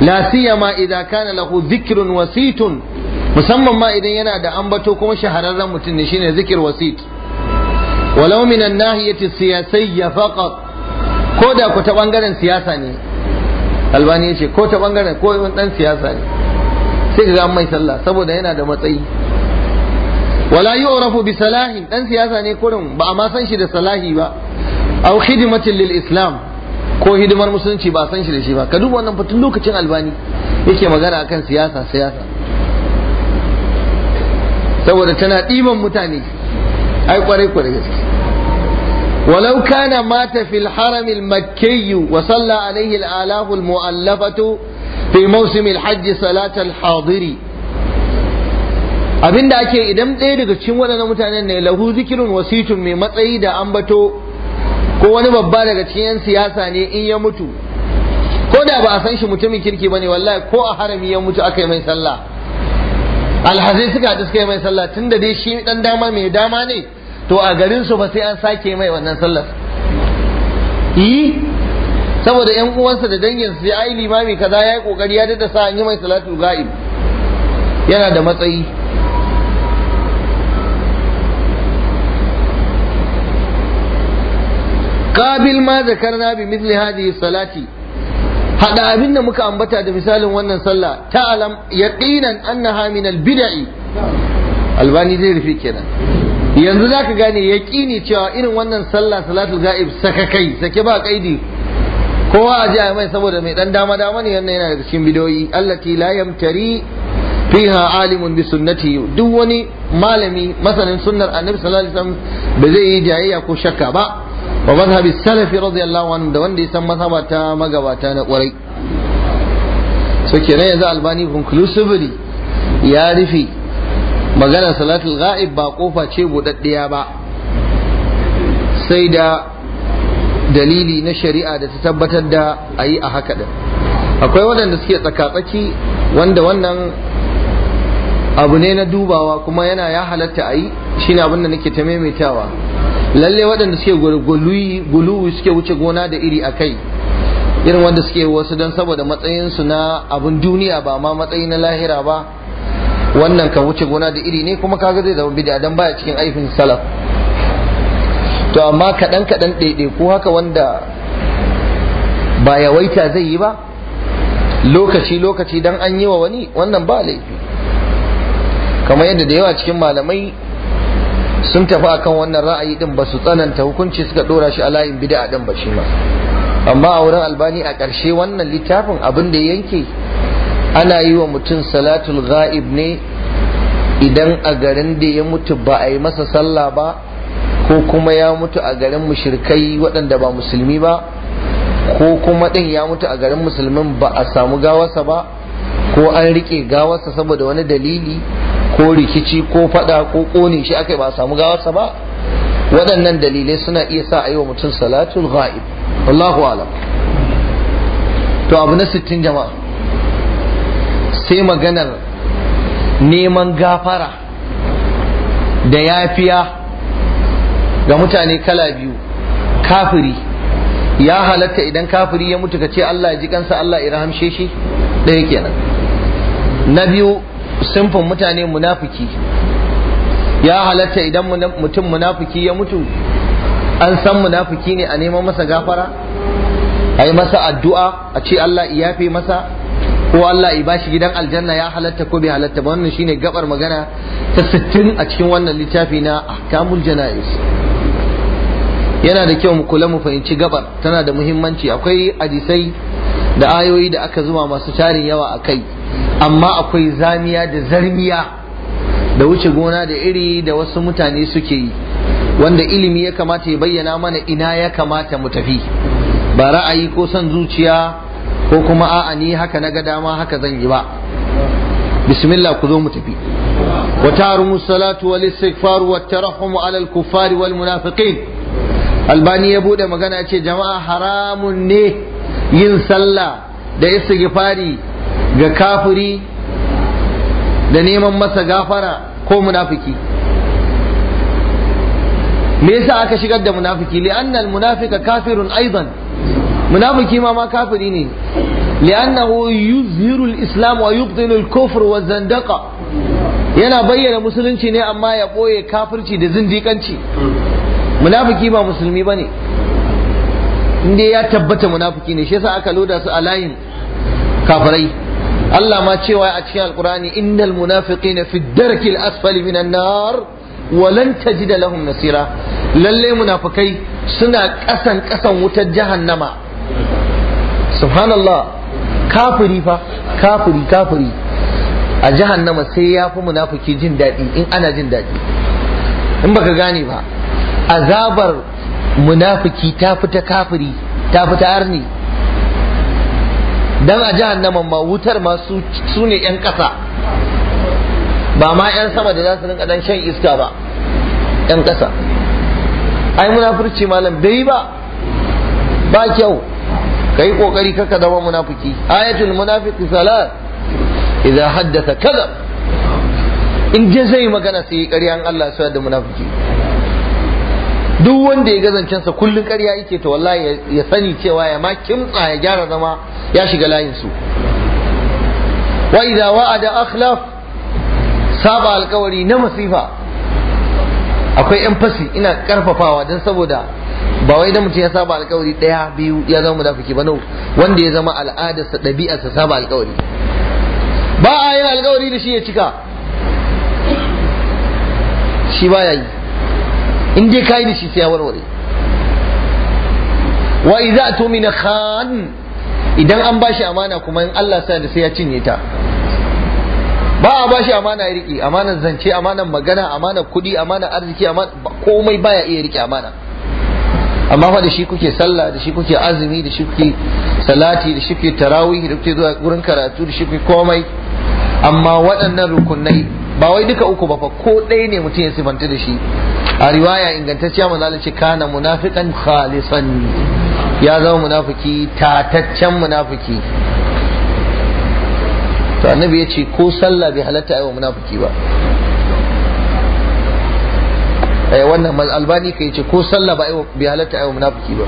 la siyama idza kana lahu dhikrun wasitun musamman ma idan yana da ambato kuma shahararren mutum ne shine zikir wasit walau min an-nahiyati siyasayya faqat ko da ku ta bangaren siyasa ne albani ya ce ko ta bangaren ko wani dan siyasa ne sai ga mai sallah saboda yana da matsayi wala yi orafu bi salahi dan siyasa ne kurin ba a ma san shi da salahi ba au khidmatin lil islam ko hidimar musulunci ba san shi da shi ba ka duba wannan fatan lokacin albani yake magana akan siyasa siyasa saboda tana ɗiban mutane ai kwarai kwarai gaske ولو كان مات في الحرم المكي وصلى عليه الآلاف المؤلفة في موسم الحج صلاة الحاضر abin da ake idan ɗaya daga cikin waɗannan mutanen ne lahu zikirun wasitun mai matsayi da ambato ko wani babba daga cikin 'yan siyasa ne in ya mutu ko da ba a san shi mutumin kirki bane wallahi ko a harami ya mutu aka yi mai sallah alhazai suka haɗu suka yi mai sallah tun da dai shi ɗan dama mai dama ne to a garin su ba sai an sake mai wannan sallar yi saboda yan uwansa da danginsa sai ai limami kaza ya yi kokari ya dada sa an yi mai salatu ga'ib yana da matsayi Kabil ma zakarna bi mithli ya salati haɗa abin da muka ambata da misalin wannan sallah ta'lam yaqinan annaha min al-bid'i albani zai rufe kenan yanzu za ka gane yaƙini cewa irin wannan sallah salatul ga'ib saka kai sake ba kaidi kowa a jiya mai saboda mai dan dama dama ne yana yana daga cikin bidoyi allati la yamtari fiha alimun bi sunnati duk wani malami masanin sunnar annabi sallallahu alaihi wasallam ba zai yi jayayya ko shakka ba wa mazhabi salafi radiyallahu anhu da wanda ya san mazhaba ta magabata na kwarai so kenan yanzu albani conclusively ya rufe magana salatul ghaib ba kofa ce budaddiya ba sai da dalili na shari'a da ta tabbatar da a yi a haka da. akwai waɗanda suke tsakatsaki wanda wannan abu ne na dubawa kuma yana ya halatta a yi shi abin da nake ta maimaitawa lalle waɗanda suke guluwi suke wuce gona da iri a kai irin wanda suke wasu don saboda matsayinsu na abin duniya ba ma matsayi na lahira ba wannan kan wuce gona da iri ne kuma kaga zai zama bid'a dan baya cikin aifin salaf to amma kaɗan kaɗan ɗaiɗai ko haka wanda ba yawaita zai yi ba lokaci lokaci dan an yi wa wani wannan ba laifi kamar yadda da yawa cikin malamai sun tafi akan wannan ra'ayi din ba su tsananta hukunci suka dora shi a layin bid'a din ba shi ma amma a wurin albani a ƙarshe wannan littafin abin da yanke ana yi wa mutum salatul ghaib ne idan a garin da ya mutu ba a yi masa sallah ba ko kuma ya mutu a garin mushrikai waɗanda ba musulmi ba ko kuma ɗin ya mutu a garin musulmin ba a samu gawarsa ba ko an riƙe gawarsa saboda wani dalili ko rikici ko faɗa ko ƙone shi aka ba a samu gawarsa ba waɗannan dalilai suna iya sa a yi wa mutum salatul ghaib Allahu alam to abu na sittin jama'a sai maganar neman gafara da yafiya ga mutane kala biyu kafiri ya halatta idan kafiri ya mutu ka ce Allah ya ji kansa Allah ya rahamshe shi ɗaya kenan na biyu sunfin mutane munafiki ya halatta idan mutum munafiki ya mutu an san munafiki ne a neman masa gafara a yi masa addu'a a ce Allah ya yafe masa ko Allah ya bashi gidan aljanna ya halatta ko bai halatta ba wannan shine gabar magana ta 60 a cikin wannan littafi na ahkamul janais yana da kyau mu kula mu fahimci gabar tana da muhimmanci akwai hadisai da ayoyi da aka zuma masu tarin yawa a kai amma akwai zamiya da zarmiya da wuce gona da iri da wasu mutane suke yi wanda ilimi ya kamata ya bayyana mana ina ya kamata mu tafi ba ra'ayi ko son zuciya ko kuma a'a ni haka na ga dama haka zan yi ba bismillah ku zo mu tafi wa tarumu salatu wal istighfar wa tarahum ala al kuffari wal munafiqin albani ya bude magana ya ce jama'a haramun ne yin sallah da istighfari ga kafiri da neman masa gafara ko munafiki me yasa aka shigar da munafiki li'anna al munafika kafirun aidan munafiki ma ma kafiri ne li'annahu yuzhiru islam wa yubtilu yana bayyana musulunci ne amma ya boye kafirci da zindikanci munafiki ba musulmi bane inda ya tabbata munafiki ne shi yasa aka loda su a layin kafirai Allah ma cewa a cikin alkurani innal munafiqina fi darki al-asfali minan nar wa lan tajida lahum nasira lalle munafikai suna kasan kasan wutar jahannama subhanallah kafiri fa kafiri kafiri a jahannama sai ya fi munafiki jin daɗi in ana jin daɗi in baka gane ba azabar munafiki ta fita kafiri ta fita arni dan a jahannama ma wutar ma su ne 'yan ƙasa ba ma 'yan sama da za su rinka dan shan iska ba 'yan ƙasa ai munafurci malam bai ba ba kyau Ka kai kokari kaka zama munafiki ayatul munafiqi salat idza haddatha kadhab in je zai magana sai yi ƙarya Allah ya da munafiki duk wanda ya zancen sa kullun ƙarya yake to wallahi ya sani cewa ya ma kimtsa ya gyara zama ya shiga layin su wa idza wa'ada akhlaf saba alkawari na masifa akwai yan fasi ina karfafawa don saboda ba wai da mutum ya saba alkawari daya biyu ya zama munafiki ba no wanda ya zama al'adarsa ɗabi'arsa saba alkawari ba a yin alkawari da shi ya cika shi ba ya yi in dai kayi da shi sai ya warware wa idza tumina khan idan an bashi amana kuma in Allah sa da sai ya cinye ta ba a bashi amana ya rike, amanar zance amanar magana amanar kuɗi amanar arziki amana komai baya iya rike amana amma fa da shi kuke sallah da shi kuke azumi da shi kuke salati da shi kuke tarawih da kuke zuwa gurin karatu da shi kuke komai amma waɗannan rukunai ba wai duka uku ba fa ko ɗaya ne mutum ya sifanta da shi a riwaya ingantacciya manzala ce kana munafiqan khalisan ya zama munafiki tataccen munafiki to annabi ya ce ko sallah bai halatta aiwa munafiki ba Eh, wannan albani kai ce ko sallah ba bi halatta ayu munafiki ba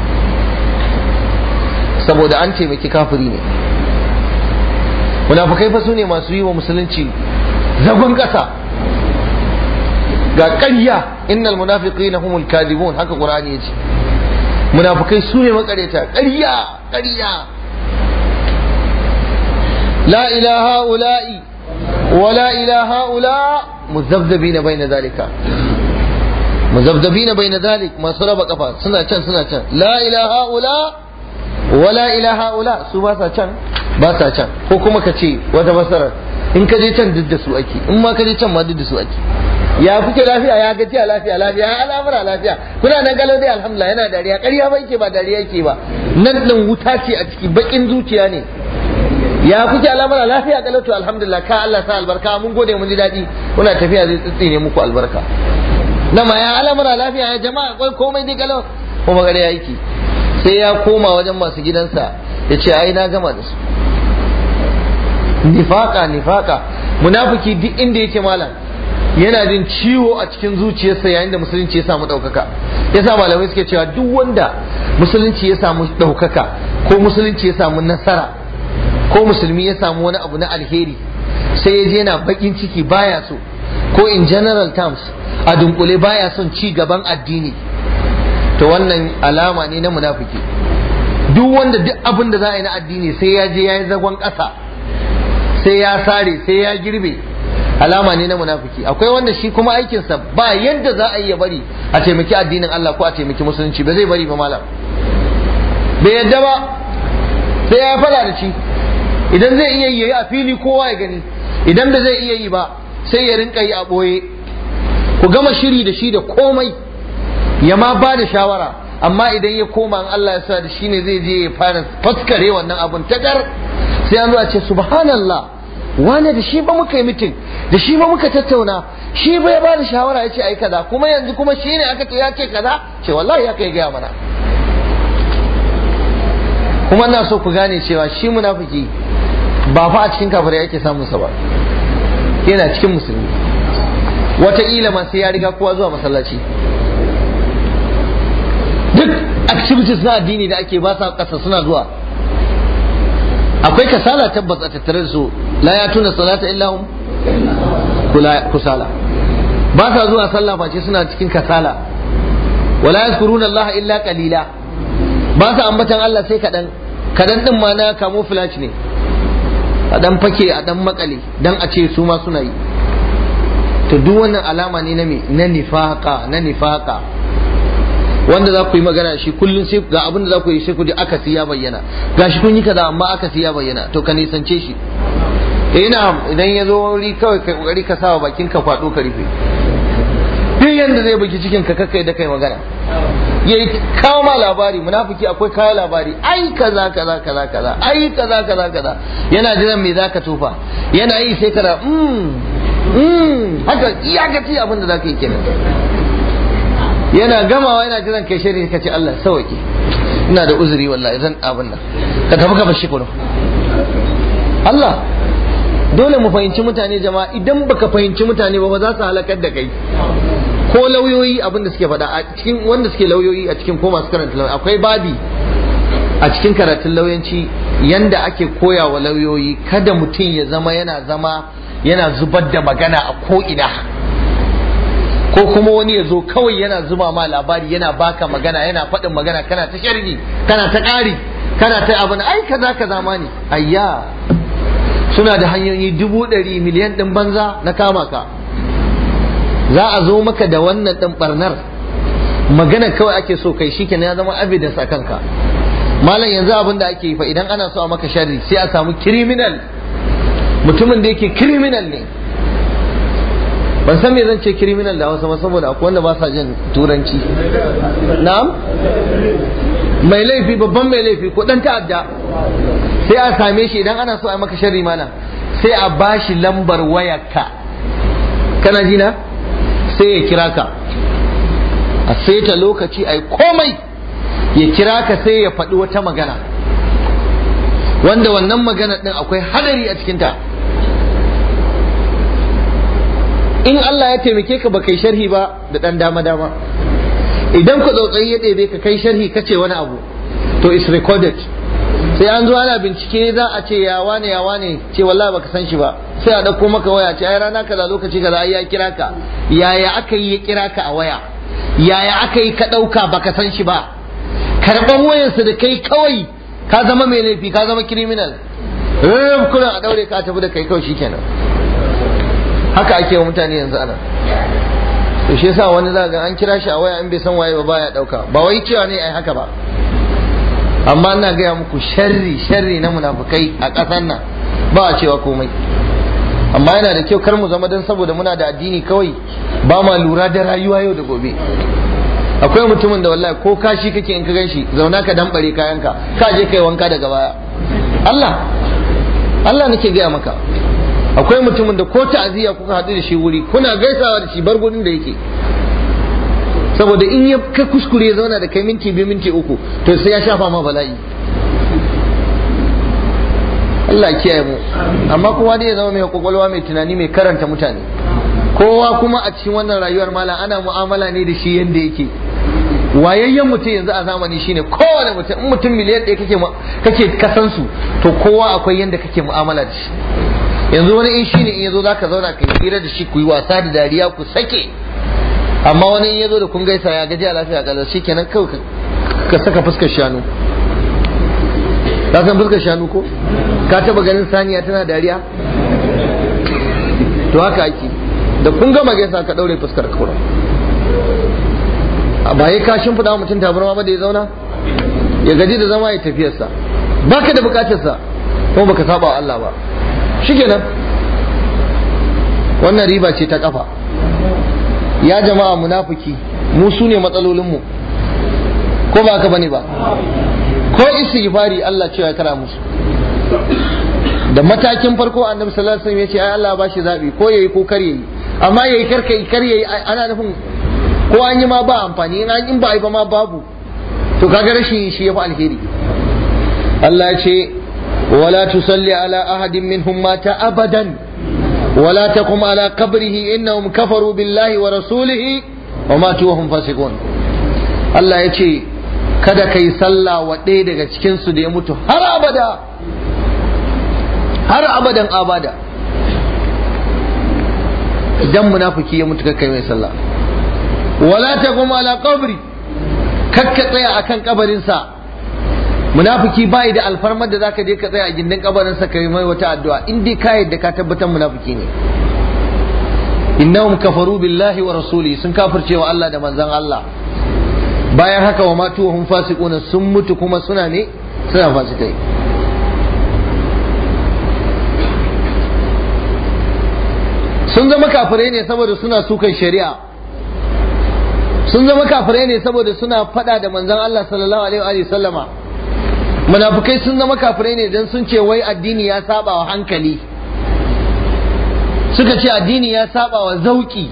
saboda an ce miki kafiri ne munafukai fa sune ne masu yi wa musulunci zagon kasa ga ƙarya innal munafiqina humul kadibun haka qur'ani yace munafukai su ne makareta ƙarya ƙarya la ilaha ula'i ولا ilaha ula مذبذبين بين zalika muzabdabina bayna zalik masu raba kafa suna can suna can la ilaha ula wala su ba can ko kuma ka ce wata fasarar in ka je can duk da su ake in ma ka je can ma duk su ake ya kuke lafiya ya gaji a lafiya lafiya ya al'amura lafiya kuna nan galo dai yana dariya ƙarya ba yake ba dariya yake ba nan din wuta ce a ciki baƙin zuciya ne ya kuke al'amura lafiya galo to alhamdulillah ka Allah sa albarka mun gode mun ji daɗi kuna tafiya zai tsitsi ne muku albarka na ma ya al'amura lafiya ya jama'a akwai komai dai kalau kuma gare ya aiki sai ya koma wajen masu gidansa ya ce ai na gama da su nifaka nifaka munafiki duk inda yake malam yana jin ciwo a cikin zuciyarsa yayin da musulunci ya samu ɗaukaka yasa malamai suke cewa duk wanda musulunci ya samu ɗaukaka ko musulunci ya samu nasara ko musulmi ya samu wani abu na alheri sai ya je yana bakin ciki baya so ko in general terms a dunkule baya son ci gaban addini to wannan alama ne na munafiki duk wanda duk abin da za a yi na addini sai ya je ya yi zagon kasa. sai ya sare sai ya girbe alama ne na munafiki akwai wanda shi kuma aikinsa ba yadda za a yi ya bari a taimaki addinin Allah ko a taimaki musulunci ba zai bari ba malam bai yadda ba sai ya fara da shi idan zai iya yi a fili kowa ya gani idan ba zai iya yi ba sai ya rinka yi a ɓoye ku gama shiri da shi da komai ya ma ba da shawara amma idan ya koma in Allah ya sa da shi ne zai je ya fara faskare wannan abun takar sai an zo a ce subhanallah wane da shi ba muka yi mitin da shi ba muka tattauna shi ba ya ba da shawara ya ce ai kaza kuma yanzu kuma shi ne aka ce ya ce kaza ce wallahi ya kai gaya mana kuma na so ku gane cewa shi munafiki ba fa a cikin kafirai yake samun sa ba yana cikin musulmi wataƙila ma sai ya riga kowa zuwa masallaci duk activities na addini da ake ba sa ƙasa suna zuwa akwai kasala tabbas a tattare da su la ya tuna salata illa kusala ba sa zuwa sallah face suna cikin kasala wala yazkuruna allaha illa qalila ba sa ambatan Allah sai kadan kadan din ma na kamo flash ne a dan fake a dan makale dan a ce su ma suna yi to duk wannan alama ne na na nifaka na nifaka wanda za ku yi magana shi kullum sai ga abin za ku yi sai ku ji akasi ya bayyana Ga shi kun yi kaza amma akasi ya bayyana to ka nisance shi eh, ina idan ya zo wuri kawai kai kokari ka sa bakin ka kwado ka rufe duk yanda zai buki cikin ka kakkai da kai magana yayi kawo ma labari munafiki akwai kawo labari ai kaza kaza kaza kaza ai kaza kaza kaza yana jiran me zaka tofa yana yi sai kana mmm Hmm, haka iyakaci abin da za ka yi kenan yana gamawa yana jiran kai shari ka ce Allah sauki ina da uzuri wallahi zan abin nan ka tafi ka bashi kuno Allah dole mu fahimci mutane jama'a idan baka fahimci mutane ba ba za su halakar da kai ko lauyoyi abin da suke faɗa a cikin wanda suke lauyoyi a cikin ko masu karanta lauyoyi akwai babi a cikin karatun lauyanci yanda ake koya wa lauyoyi kada mutum ya zama yana zama yana zubar da magana a ko'ina ko kuma wani ya zo kawai yana zuba ma labari yana baka magana yana faɗin magana kana ta sharri kana ta ƙari kana ta abin ai kaza kaza ma ne ayya suna da hanyoyi dubu ɗari miliyan ɗin banza na kama ka za a zo maka da wannan ɗin ɓarnar magana kawai ake so kai shi ya zama evidence a kanka malam yanzu abin da ake yi fa idan ana so a maka sharri sai a samu criminal mutumin da yake criminal ne ban san me zan ce criminal da wasu saboda akwai wanda ba sa jin turanci na'am mai laifi babban mai laifi ko dan ta'adda sai a same shi idan ana so a maka sharri mana sai a bashi lambar wayarka kana ji na sai ya kira ka a saita lokaci ai komai ya kira ka sai ya faɗi wata magana wanda wannan magana ɗin akwai hadari a cikinta in Allah ya taimake ka ba kai sharhi ba da ɗan dama dama idan ku tsautsayi ya ɗebe ka kai sharhi ka ce wani abu to is recorded sai an zo ana bincike za a ce ya wane ya wane ce wallahi baka san shi ba sai a ɗauko maka waya ce ai rana kaza lokaci kaza ai ya kira ka yaya aka yi ya kira ka a waya yaya aka yi ka dauka baka san shi ba karban wayarsa da kai kawai ka zama mai laifi ka zama kiriminal rim kuna a daure ka tafi da kai kawai shikenan haka ake wa mutane yanzu ana to shi yasa wani zaga an kira shi a waya an bai san waye ba baya dauka ba wai cewa ne ai haka ba amma ina gaya muku sharri sharri na munafukai a ƙasar nan ba a cewa komai amma yana da kyau kar mu zama don saboda muna da addini kawai ba ma lura da rayuwa yau da gobe akwai mutumin da wallahi ko kashi kake in ka ganshi zauna ka dambare kayanka ka je kai wanka daga baya Allah Allah nake gaya maka akwai mutumin da ko ta'aziyya kuka hadu da shi wuri kuna gaisawa da shi bar gudun da yake saboda in ya ka kuskure ya zauna da kai minti biyu minti uku to sai ya shafa ma bala'i Allah kiyaye mu amma kowa dai ya zama mai kwakwalwa mai tunani mai karanta mutane kowa kuma a cikin wannan rayuwar malam ana mu'amala ne da shi yadda yake wayayyen mutum yanzu a zamani shine kowane mutum in mutum miliyan ɗaya kake kake kasan su to kowa akwai yanda kake mu'amala da shi yanzu wani in shine in yazo zaka zauna kai hira da shi ku yi wasa da dariya ku sake amma wani in yazo da kun gaisa ya gaji a lafiya kalar shikenan kawai ka saka fuskar shanu ka san fuskar shanu ko ka taba ganin saniya tana dariya to haka ake da kun gama gaisa ka daure fuskar ka kawai ba ya kashin fada mutum tabarma ba da ya zauna ya gaji da zama ya tafiyarsa Ba ka da bukatarsa kuma baka saba wa Allah ba shikenan wannan riba ce ta kafa ya jama'a munafiki mu su ne matsalolinmu ko ba ka bane ba ko istighfari Allah cewa ya kara musu da matakin farko annabi sallallahu alaihi wasallam ya ce ai Allah ba shi zabi ko yayi ko kar yi. amma yayi kar yi kar yayi ana nufin ko an yi ma ba amfani in ba ba ma babu to kaga rashin shi ya yafi alheri Allah ce wala tusalli ala ahadin minhum mata abadan wala taqum ala qabrihi innahum kafaru billahi wa rasulihi wa matu wa hum fasiqun Allah ya ce kada kai sallah wa ɗaya daga cikin su da ya mutu har abada har abadan abada idan munafiki ya mutu kai mai sallah wala taqum ala qabri kakka tsaya akan kabarinsa munafiki bai da alfarmar da zaka je ka tsaya a gindin sa kai mai wata addu'a in dai ka yadda ka tabbatar munafiki ne innahum kafaru billahi wa rasuli sun kafirce wa Allah da manzon Allah bayan haka wa matu hum fasiqun sun mutu kuma suna ne suna fasikai sun zama kafirai ne saboda suna sukan shari'a sun zama kafirai ne saboda suna fada da manzon Allah sallallahu alaihi wa sallama munafukai sun zama kafirai ne don sun ce wai addini ya saba wa hankali suka ce addini ya saba wa zauki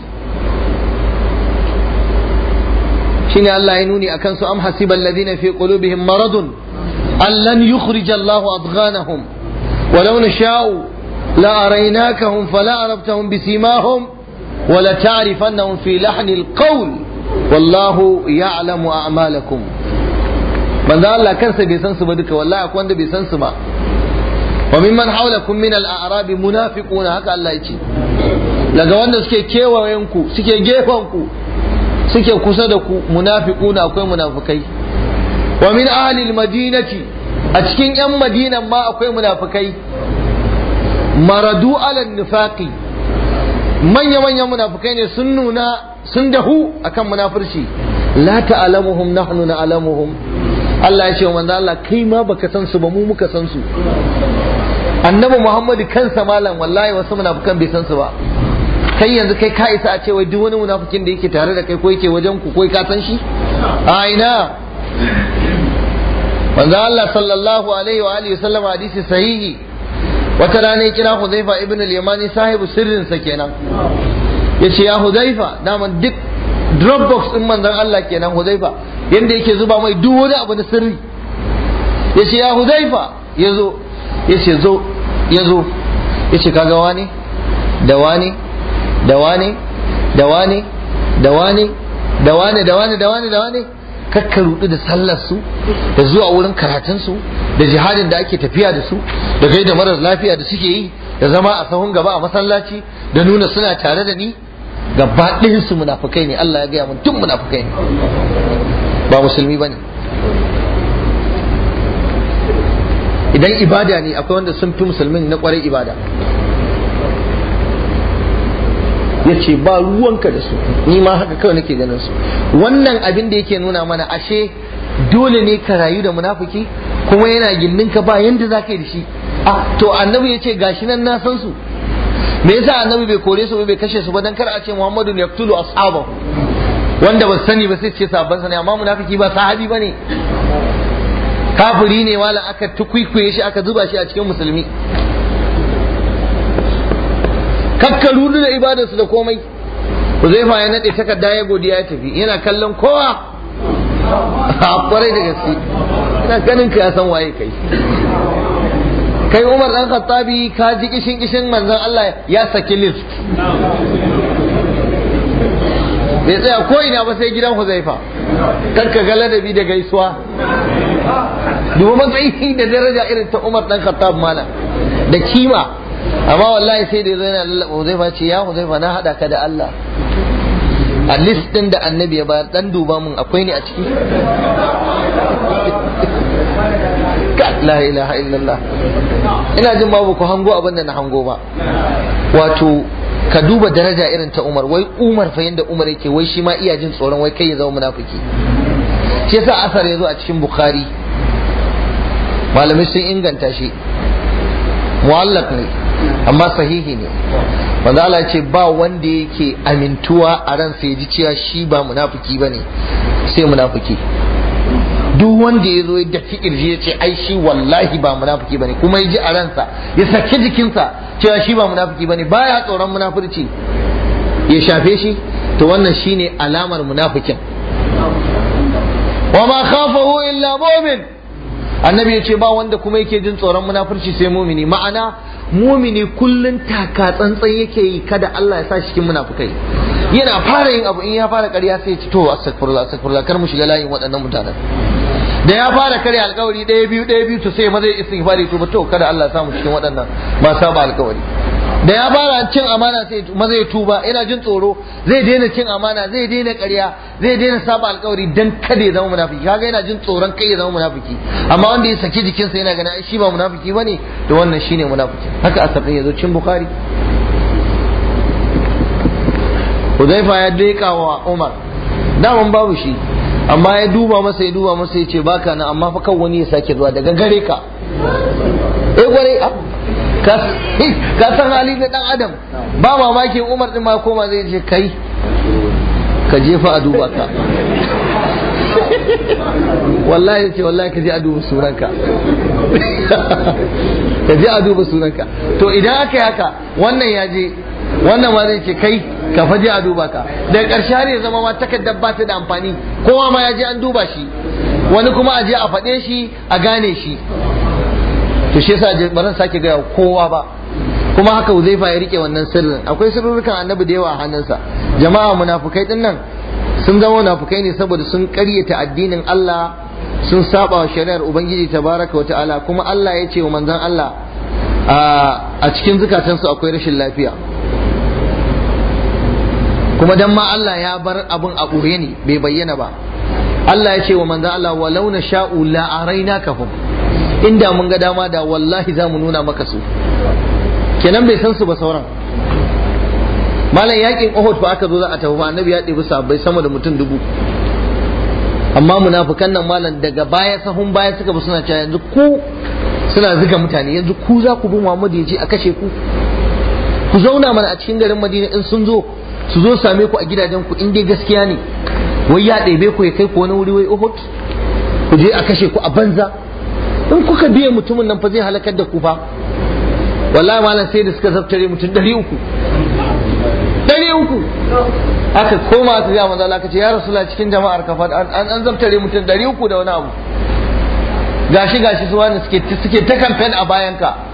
shine Allah ya nuni akan su am hasiban ladina fi qulubihim maradun allan yukhrija Allahu adghanahum ولو نشاء لأريناكهم فلا عرفتهم بسيماهم ولتعرفنهم في لحن القول wallahu ya'lamu a'malakum manzo Allah kansa bai san su ba duka wallahi akwai wanda bai san su ba wa mimman hawlakum min al-a'rab munafiquna haka Allah yake daga wanda suke kewayen ku suke gefan ku suke kusa da ku munafiquna akwai munafikai wa min ahli al-madinati a cikin yan madinan ma akwai munafikai maradu ala nifaqi manya manyan munafikai ne sun nuna sun dahu akan munafurci la ta'lamuhum nahnu na'lamuhum Allah ya ce wa manzo Allah kai ma baka san su ba mu muka san su annabi Muhammadu kansa malam wallahi wasu munafukan bai san su ba kai yanzu kai ka isa a ce wai duk wani munafikin da yake tare da kai ko yake wajen ku ko ka san shi a ina manzo Allah sallallahu alaihi wa alihi sallama hadisi sahihi wata rana ya kira Hudhaifa ibn al-Yamani sahibu sirrin sa kenan ya ce ya huzaifa dama duk dropbox din manzon Allah kenan huzaifa yanda yake zuba mai duk wani abu na sirri ya ce ya huzaifa ya zo ya zo yazo kaga wani da wani da wani da wani da wani da wani da wani da wani da wani kakka rudu da sallar su da zuwa wurin karatun su da jihadin da ake tafiya da su da gaida marar lafiya da suke yi da zama a sahun gaba a masallaci da nuna suna tare da ni gaba su munafukai ne Allah ya gaya mun tun munafukai ne ba musulmi bane. idan ibada ne akwai wanda sun fi musulmin na kwarai ibada ya ce ba ruwanka da su ni ma haka kawai nake ganin su wannan abin da yake nuna mana ashe dole ne ka rayu da munafuki kuma yana gindinka ba yanda za yi da shi ah, to annabi ya ce gashi nan na san su me yasa annabi bai kore su bai kashe su ba dan kar a ce muhammadun yaqtulu ashabahu wanda ba sani ba sai ce sabban sani amma munafiki ba sahabi bane kafiri ne wala aka tukuikuye shi aka zuba shi a cikin musulmi kakkaru da ibadar su da komai Huzaifa ya nade takarda ya godiya ya tafi yana kallon kowa a kwarai da gaske ina ganin ka ya san waye kai kai Umar dan Khattabi ka ji kishin kishin manzon Allah ya saki list bai tsaya ko ina ba sai gidan Huzaifa kar ka ga ladabi da gaisuwa dubu matsayi da daraja irin ta Umar dan Khattab mana da kima amma wallahi sai da zai na lallaba Huzaifa ce ya Huzaifa na hada ka da Allah a list din da annabi ya bayar dan duba mun akwai ne a ciki la ilaha illallah ina jin babu ku hango abin da na hango ba wato ka duba daraja irin ta Umar wai Umar fa yanda Umar yake wai shi ma iya jin tsoron wai kai ya zama munafiki shi yasa asar ya zo a cikin Bukhari malamai sun inganta shi mu'allaq ne amma sahihi ne manzo Allah ce ba wanda yake amintuwa a ran ya ji cewa shi ba munafiki bane sai munafiki duk wanda ya zo ya daki kirji ya ce ai shi wallahi ba munafiki bane kuma ya ji a ransa ya saki jikinsa cewa shi ba munafiki bane baya tsoron munafurci ya shafe shi to wannan shine alamar munafikin wa ma khafahu illa mu'min annabi yace ba wanda kuma yake jin tsoron munafurci sai mumini ma'ana mumini kullun taka tsantsan yake yi kada Allah ya sa shi cikin munafukai yana fara yin abu in ya fara ƙarya sai ya ci to astaghfirullah astaghfirullah kar mu shiga layin waɗannan mutanen da ya fara kare alkawari ɗaya biyu ɗaya biyu to sai ma zai istighfari to to kada Allah samu cikin waɗannan ba sa saba alkawari da ya fara cin amana sai ma zai tuba ina jin tsoro zai daina cin amana zai daina ƙarya zai daina saba alkawari dan kada ya zama munafiki kaga yana jin tsoron kai ya zama munafiki amma wanda ya saki jikinsa yana ganin shi ba munafiki bane to wannan shine munafiki haka asabin yazo cin bukhari Hudaifa ya dai wa Umar daman babu shi amma ya duba masa ya duba masa ya ce baka na amma fa kan wani ya sake zuwa daga gare ka eh gware ah, ka san hali na dan adam ba mamaki umar din ma koma zai ce kai ka jefa a duba ka wallahi ce wallahi ka je a duba sunanka ka je a duba sunanka to idan aka yi haka wannan ya je wannan ma zai ce kai ka faje a duba ka daga ƙarshe har ya zama ma takardar ba ta da amfani kowa ma ya je an duba shi wani kuma a je a faɗe shi a gane shi to shi yasa ba zan sake gaya kowa ba kuma haka Uzaifa ya rike wannan sirrin akwai sirrukan annabi da yawa a hannunsa jama'a munafukai din nan sun zama munafukai ne saboda sun karyata addinin Allah sun saba wa shari'ar ubangiji tabaraka wa ta'ala kuma Allah ya ce wa manzon Allah a cikin zukatansu akwai rashin lafiya kuma dan ma Allah ya bar abun a ɓoye ne bai bayyana ba Allah ya ce wa manzo Allah walau na sha'u la hum inda mun ga dama da wallahi za mu nuna maka su kenan bai san su ba sauran malam yakin Uhud ba aka zo za a tafi ba annabi ya ɗebi sahabbai sama da mutum dubu amma munafikan nan malam daga baya sahun baya suka bi suna cewa yanzu ku suna zuga mutane yanzu ku za ku bi Muhammadu ya ce a kashe ku ku zauna mana a cikin garin Madina in sun zo su zo same ku a gidajen ku in dai gaskiya ne wai ya ɗebe ku ya kai ku wani wuri wai uhud ku je a kashe ku a banza in kuka biye mutumin nan fa zai halakar da ku fa wallahi malam sai da suka zaftare mutum ɗari uku ɗari uku aka koma aka ya manzo aka ce ya rasulullah cikin jama'ar kafa an an zaftare mutum ɗari uku da wani abu gashi gashi su wani suke suke ta campaign a bayan ka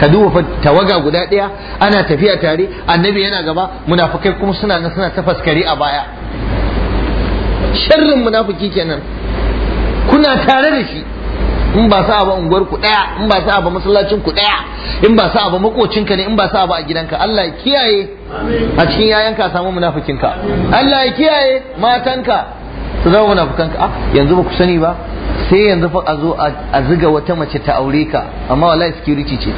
ka duba tawaga guda ɗaya ana tafiya tare annabi yana gaba munafukai kuma suna nan suna ta faskari a baya sharrin munafiki kenan kuna tare da shi in ba sa ba unguwar ku daya in ba sa ba masallacin ku daya in ba sa ba makocinka ne in ba sa ba a gidanka Allah ya kiyaye a cikin yayanka samu ka. Allah ya kiyaye matanka su zama munafikanka ka? Ah, yanzu ba ku sani ba sai yanzu fa a zo a ziga wata mace ta aure ka amma wallahi security ce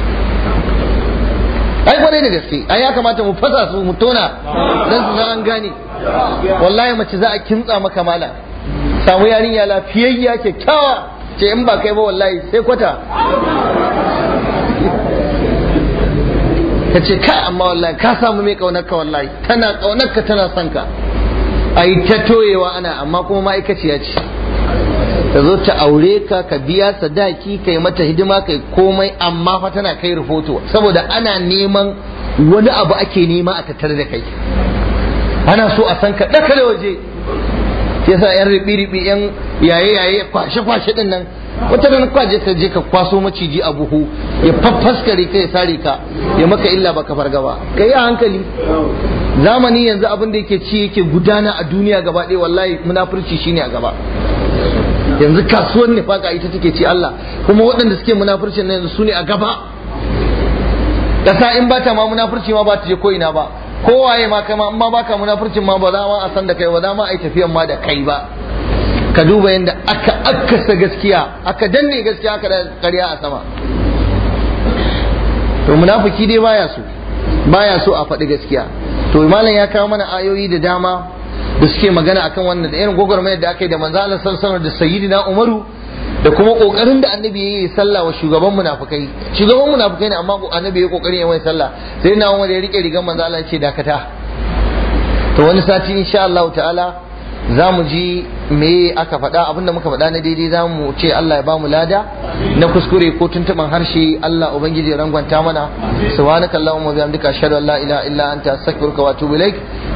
ai kwarai da gaske ai ya kamata mu fasa su mu tona dan su an gane wallahi mace za a kintsa maka mala samu yarinya lafiyayya kyakkyawa ce in ba kai ba wallahi sai kwata Ka ce ka, amma wallahi ka samu mai kaunarka wallahi tana kaunarka tana son ka ta toyewa ana amma kuma ya ce ta zo ta aure ka ka biya sadaki kai mata hidima kai komai amma fa tana kai rahoto saboda ana neman wani abu ake nema a tattare da kai ana so a san ka daka da waje sa yan ribi ribi yan yaye yaye kwashe kwashe din nan wata nan kwaje ta je ka kwaso maciji a buhu ya faffaskare ka ya sare ka ya maka illa baka farga ba ka yi a hankali zamani yanzu abin da yake ci yake gudana a duniya gaba ɗaya wallahi munafurci shine a gaba yanzu kasuwar nifaka ita take ci Allah kuma waɗanda suke munafurcin na yanzu su ne a gaba ƙasa in ba ta ma munafurci ma ba ta je ko ina ba kowaye ma kai ma in ma baka munafurcin ma ba za ma a san da kai ba za ma a yi tafiyan ma da kai ba ka duba yadda aka akasa gaskiya aka danne gaskiya aka karya a sama to munafiki dai baya so baya so a faɗi gaskiya to malam ya kawo mana ayoyi da dama da suke magana akan wannan da irin gwagwarmayar da aka yi da manzalar sallallahu da sayyidina umaru da kuma kokarin da annabi ya yi sallah wa shugaban munafikai shugaban munafukai ne amma annabi ya kokarin ya mai sallah sai na umar ya rike rigar manzo ce dakata to wani sati insha Allah ta'ala za mu ji me aka faɗa abinda muka faɗa na daidai za mu ce Allah ya ba mu lada na kuskure ko tuntuban harshe Allah ubangiji ya rangwanta mana subhanakallahumma wa bihamdika ashhadu an la ilaha illa anta astaghfiruka wa atubu ilaik